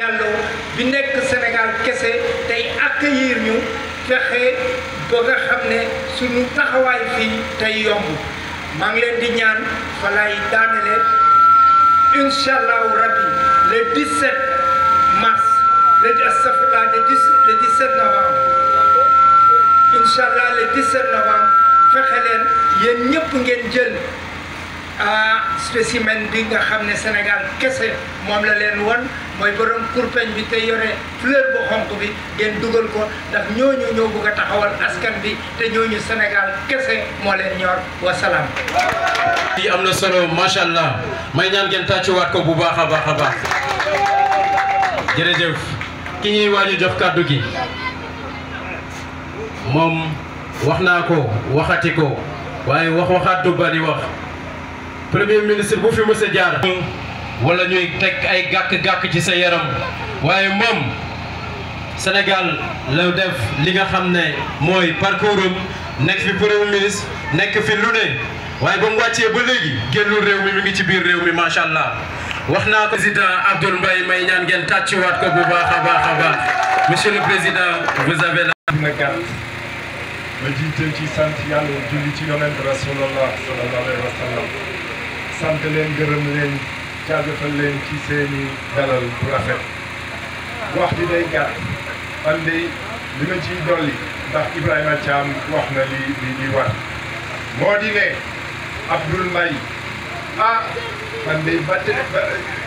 Diallo bi nekk Sénégal kese tey accueillir ñu fexe ba nga xam ne suñu taxawaay fii tey yomb maa ngi leen di ñaan fa laay daanele incha allahu rabbi le 17 mars le astafurlah le 17 novembre inshallah le 17 novembre fexe leen yéen ñëpp ngeen jël. ah spécimen bi nga xam ne Sénégal kese moom la leen won mooy borom kurpeñ bi te yore fleur bu xonq bi ngeen dugal ko ndax ñooñu ñoo bëgg a taxawal askan bi te ñooñu Sénégal kese moo leen ñor wa salaam. lii am na solo macha allah may ñaan ngeen tàccuwaat ko bu baax a baax a baax jërëjëf ki ñuy waaj jox kàddu gi moom wax naa ko waxati ko waaye wax waxaat du bari wax premier ministre bu fi mës jaar. wala ñuy teg ay gàkk-gàkk ci sa yaram waaye moom Sénégal la def li nga xam ne mooy parcours am nekk fi premier nekk fi lu ne waaye ba mu wàccee ba léegi génnul réew mi mi ngi ci biir réew mi macha allah wax naa président Abdoul Mbaye may ñaan ngeen tàcciwaat ko bu baax a baax monsieur le président vous avez la. jiite ci sant yàlla julli ci yonent Rasulullah sallallahu alayhi wa sallam sant leen gërëm leen. jaajëfal leen ci seeni dalal bu rafet wax ji day gàtt man de li ma ciy dolli ndax Ibrahima Thiam wax na li li li war moo di ne Abdoul Mbaye ah man de ba te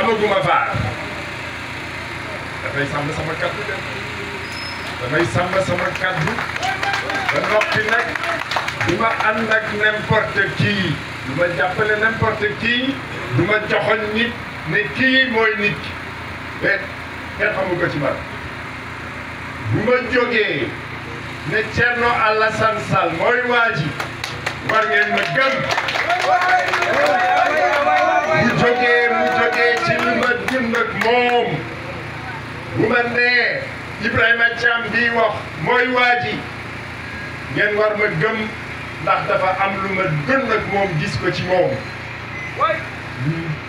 amaguma vaar damay sàmm sama kaddu de damay sàmm sama kaddu ba noppi nag du ma ànd ak n'importe qui du ma jàppale n'importe qui du ma joxoon nit ne kii mooy nit ki mais ko ci man bu ma jógee ne Thierno san Sall mooy waa ji war ngeen ma gëm bu jógee mu jógee ci li ma dund ak moom bu ma nee Ibrahima Thiam bii wax mooy waa ji ngeen war ma gëm ndax dafa am lu ma dund ak moom gis ko ci moom.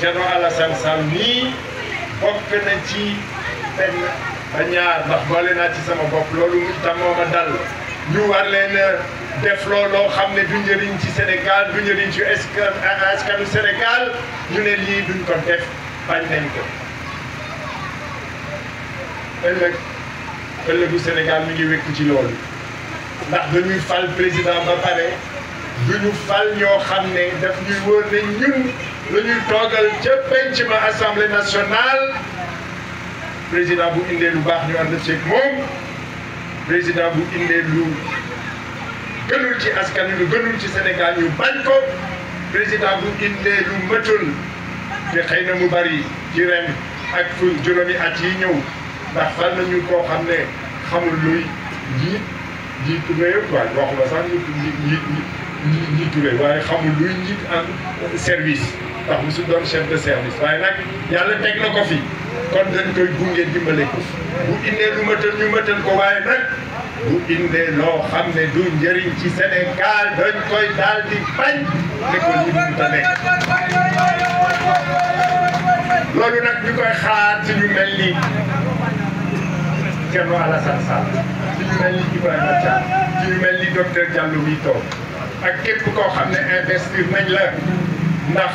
Thierno Alassane Sall nii bokk na ci benn ba ñaar ndax boole naa ci sama bopp loolu itam moo dal ñu war leen def looloo xam du njëriñ ci Sénégal du njëriñ ci askanu Sénégal ñu ne lii duñ ko def bañ nañ ko ëllëg ëllëgu Sénégal mi ngi wékku ci loolu ndax dañuy fal président ba pare duñu fal ñoo Hamne, ne daf ñuy de l'Assemblée nationale, le assemblée nationale président l'Assemblée lu baax ñu président lu askan gënul ci Sénégal ñu bañ ko président l'Assemblée lu mëtul de mu bari ci ak fu service ndax mosul doon chef de service waaye nag yàlla teg na ko fi kon dañ koy gunge dimbale ko bu indee loo xam ne du njëriñ ci Sénégal dañ koy daal di bañ nag ñu koy xaar ci ñu mel ni Thierno Alassane Sall ci ñu mel ni Ibrahima Thiam ci ñu mel ni docteur Diallo mi toog ak képp koo xam ne investir nañ la ndax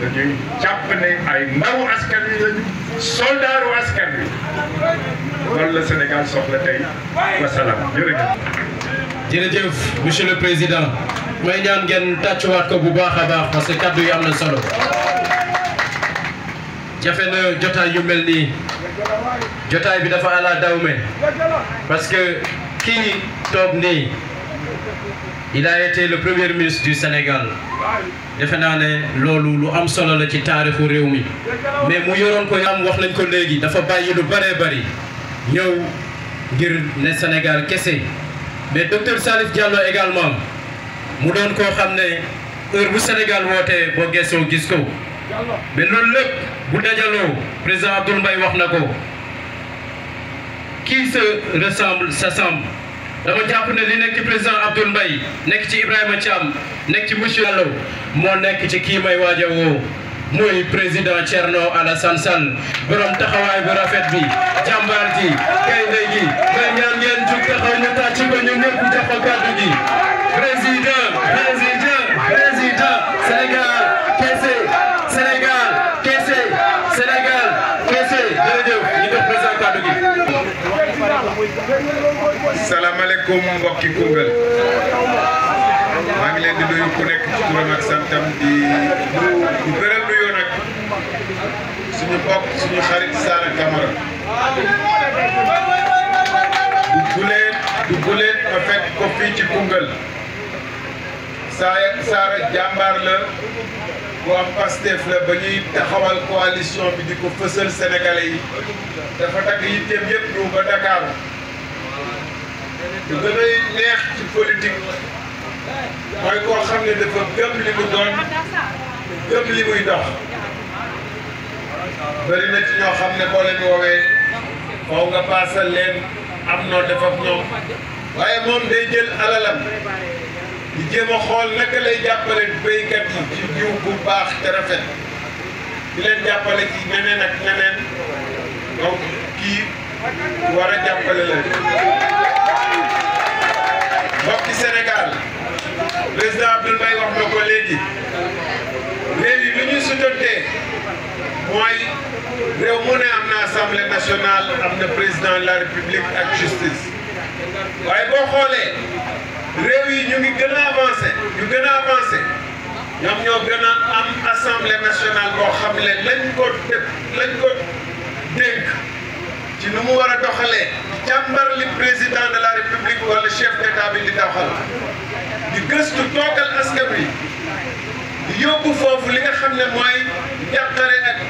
dañuy jàpp ne ay ndawu askan wi lañu soldaaru askan wi loolu la Sénégal soxla tey wasalaam jërëjëf. monsieur le président may ñaan ngeen tàccuwaat ko bu baax a baax parce que kàddu yi am na solo jafe na jotaay yu mel nii jotaay bi dafa ala dawme parce que kii toog nii. il a été le premier ministre du Sénégal defe naa ne loolu lu am solo la ci taarixu réew mais mu yoroon ko am wax nañ ko léegi dafa bàyyi lu bëree bëri ñëw ngir ne Sénégal kese mais docteur Salif Diallo également mu doon koo xam heure bu Sénégal wootee boo geesoo gis ko mais loolu lépp bu dajaloo président Abdoul Mbaye wax na qui se ressemble s'assemble dama jàpp na li nekk ci président Abdoul Mbaye nekk ci Ibrahima Thiam nekk ci monsieur Diallo moo nekk ci kii may waaj a woo muy président Thierno la Sall borom taxawaay bu rafet bi jàmbaar ji gaynde gi nga ñaan ngeen jug taxaw ñu tàcc ba ñu ñëpp jox ko kàddu gi président président président Sénégal. salaamaaleykum mbokki Koungheul maa ngi leen di nuyu ku nekk ci ak santam di di bëral nuyoo nag suñu bokk suñu xarit Sara Camara du guleet du guleet ma fekk ko ci Koungheul saa Sara jàmbaar la bu am Pastef la ba ñuy taxawal coalition bi di ko fësal sénégalais yi dafa takk yitteem yëpp ñëw ba Dakar lu gën a neex ci politique mooy koo xam ne dafa gëm li mu doon gëm li muy dox bëri ci ñoo xam ne boo leen woowee faw nga leen am noo def ak waaye moom day jël alalam di a xool naka lay jàppale béykat yi ci jiw bu baax te rafet di leen jàppale ci neneen ak neneen nationale am na la république ak justice waaye boo xoolee réew yi ñu ngi gën a ñu gën ñoom ñoo gën a am assemblée nationale boo xam ne lañ ko def lañ ko ci nu mu war a doxalee càmbar li président de la république wala chef d' état bi di doxal di toogal askan wi di yóbbu foofu li nga xam ne mooy.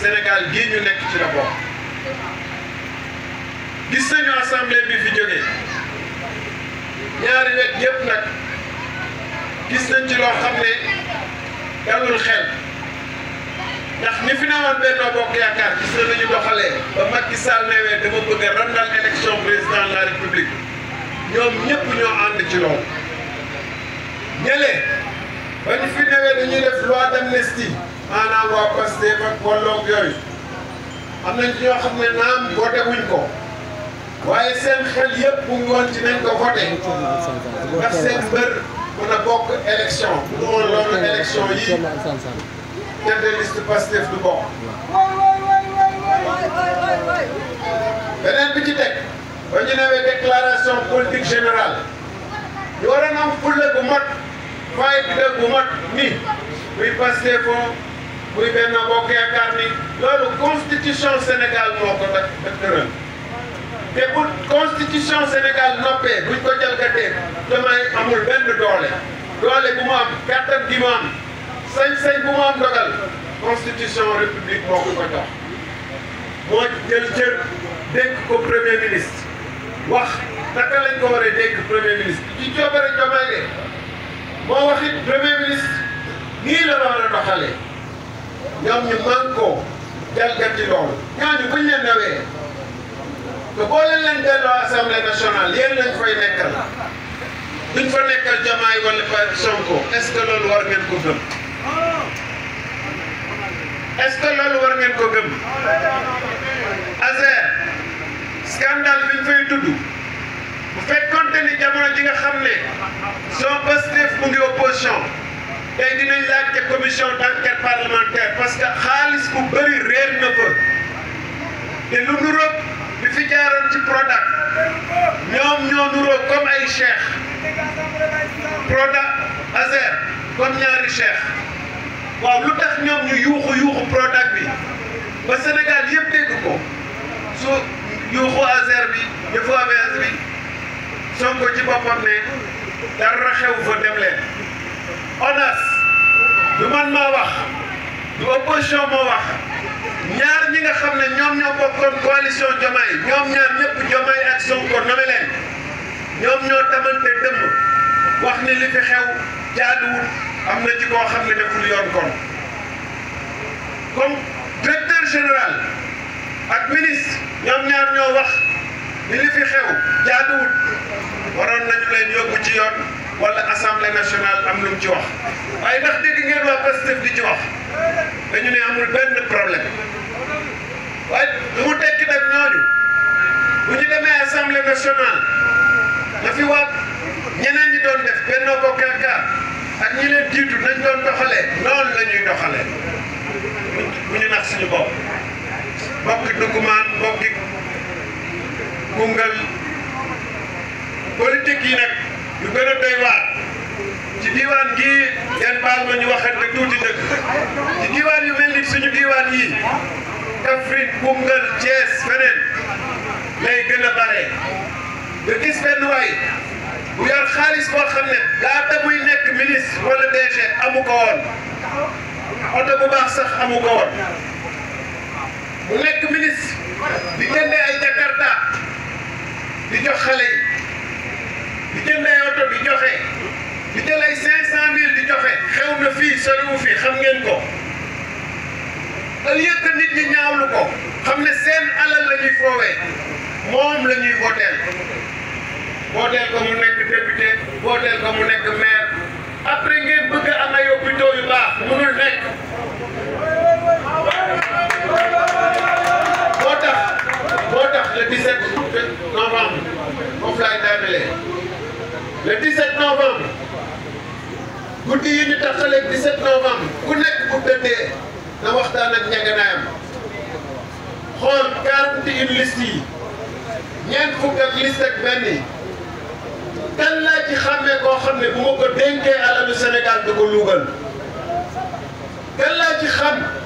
Sénégal gii ñu nekk ci la bokk gis nañu assemblée bi fi jógee ñaari wet yëpp nag gis nañ ci loo xam ne dalul xel ndax ñi fi newoon Benno Bokk Yaakaar gis na nañu doxalee ba Macky Sall newee dama bëgg a randal élection président la république ñoom ñëpp ñoo ànd ci loolu ñële ba ñu fi newee dañuy def loi d'amnistie maanaam waa Pastef ak bolloog yooyu am nañ ci ñoo xam naam voté wuñ ko waye seen xel yépp bu ngi won ci nañ ko voté ndax seen mbër mën a bokk élection bu won woon élection yi tête de liste Pastef du bokk beneen bi ci teg ba ñu newee déclaration politique générale ñu waroon am fulla bu bi fayda bu mot ni muy Pastef fo muy benn bokk yaakaar ni loolu constitution Sénégal moo ko tax tëral te bu constitution Sénégal noppee buñ ko jalgatee damay amul benn doole doole bu mu am kàttan gi mu am sañ-sañ bu mu am dogal constitution république moo ko ko jox moo jël jël dénk ko premier ministre wax naka lañ ko war a dénk premier ministre ci coobare Diomaye de moo waxit premier ministre nii la war a doxalee ñoom ñu mën koo jalgati loolu ñooñu buñ leen nawee te boo leen leen delloo assemblée nationale yéen lañ fay nekkal duñ fa nekkal jamaay wala fa Sonko est war ngeen ko gëm est-ce que loolu war ngeen ko gëm Azer scandale biñ fay tudd bu fekkonte ni jamono ji nga xam ne son Pastef mu ngi opposition te dinañ laajte commission d'enquête parlementaire parce que xaalis bu bëri réer na te lu nuroog bi fi jaaroon ci Prodac ñoom ñoo nuroog comme ay cheikh Prodac Azer comme ñaari cheikh waaw lu tax ñoom ñu yuuxu yuuxu Prodac bi ba Sénégal yëpp dégg ko su yuuxu Azer bi yëfu AVS bi Sonko ci boppam ne dara xew fa dem leen. ONAS du man maa wax du opposition moo wax ñaar ñi nga xam ne ñoom ñoo bokkoon coalition Diomaye ñoom ñaar ñëpp Diomaye ak Sonko nome leen ñoom ñoo tamante dëmm wax ni li fi xew jaaduwul am na ci koo xam ne deful yoon kon comme directeur général ak ministre ñoom ñaar ñoo wax ni li fi xew jaaduwul waroon nañu leen yóbbu ci yoon wala assemblée nationale am lu mu ci wax waaye ndax dégg ngeen waa Pastef di ci wax dañu ne amul benn problème waaye mu tekki nag ñooñu bu ñu demee assemblée nationale na fi waa ñeneen ñi doon def Benno ñi leen jiitu nañ doon doxalee noonu la ñuy bu ñu nax suñu bopp bokki dugumaan bokki Koungheul politique yi nag. yu gën a doy waar ci diwaan gii ngeen baal ma ñu waxante tuuti dëkk ci diwaan yu mel ni suñu diwaan yi Kaffrine Koungheul Thiès feneen lay gën a bare nga gis benn waay bu yor xaalis boo xam ne laata muy nekk ministre wala DG amu ko woon oto bu baax sax amu ko woon mu nekk ministre di jëndee ay jakarta di jox xale yi. jënd ay oto di joxe di jël ay 500000 di joxe xew na fii soriwu fii xam ngeen ko au lieu que nit ñi ñaawlu ko xam ne seen alal la ñuy foowee moom la ñuy voteel voteel ko mu nekk député voteel ko mu nekk maire après ngeen bëgg am ay hôpitaux yu baax mënul nekk. boo tax boo tax le 17 novembre foofu laay daanelee. le 17 novembre guddi yi ñu taxalee set novembre ku nekk bu dëddee na waxtaan ak njaganaayam xool 41 liste yi ñeent fukk ak liste ak benn yi kan laa ci xàmmee koo xam ne bu ma ko dénkee alalu Sénégal du ko luugal kan laa ci xam.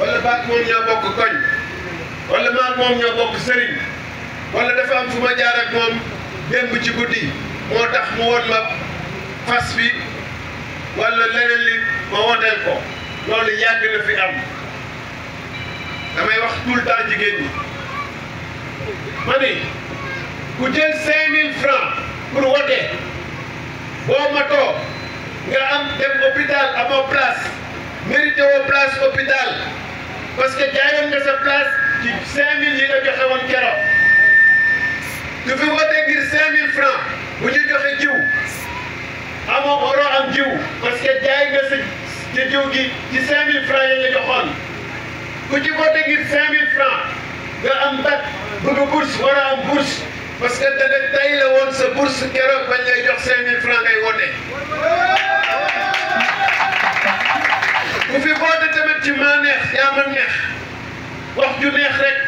wala baag moom ñoo bokk koñ wala maag moom ñoo bokk sëriñ wala dafa am fu ma jaar ak moom démb ci guddi moo tax mu woon ma fas bi wala leneen li ma woteel ko loolu yàgg na fi am damay wax tout le temps jigéen ñi ma ku jël cinq mille francs pour wote boo matoo nga am dem hôpital amoo place mérité place hôpital parce que jaayoon nga sa place ci 5000 yi nga joxe woon keroog ku fi wote ngir 5000 francs bu ñu joxe jiw amoo waroo am jiw parce que jaay nga sa ci jiw gi ci 5000 francs yi nga joxoon ku ci wote ngir 5000 francs nga am bac bëgg bourse war a am bourse parce que da nga tay la woon sa bourse keroog bañ lay jox 5000 francs ngay wote. ku fi woote tamit ci maa neex yaa ma neex wax ju neex rek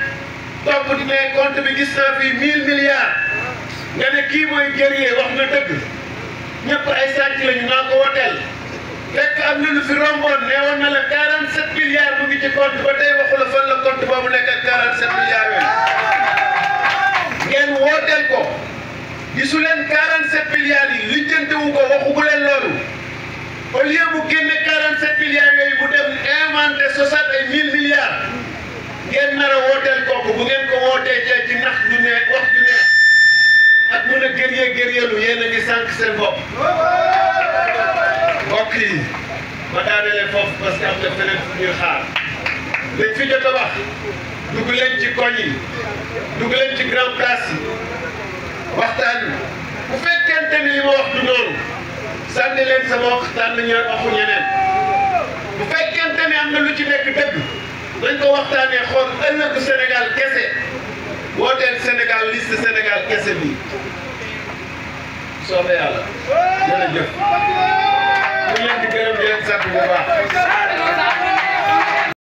topp di ne compte bi gis naa fii mille milliards nga ne kii mooy guerrier wax na dëgg ñëpp ay sàcc lañu naa ko woteel fekk am na lu fi romboon neewoon na la ngeen nar a wooteel kooku bu ngeen ko wootee jee ci nax ju ne wax ju ne ak mun a gërye gëryeelu yéen a ngi sànq seen bopp mbokk yi ma daanele foofu parce que am na feneen fu xaar liñ fi jot a wax dugg leen ci koñ yi dugg leen ci grand place yi waxtaan bu fekkente ni li ma wax du noonu sànni leen sama waxtaan na ñëw waxu ñeneen bu fekkente ni am na lu ci nekk dëgg dañ ko waxtaanee xool ëllëgu Sénégal kese wooteel Sénégal liste Sénégal kese bi soobee yàlla jërëjëf ñu leen di gërëm di leen sant bu baax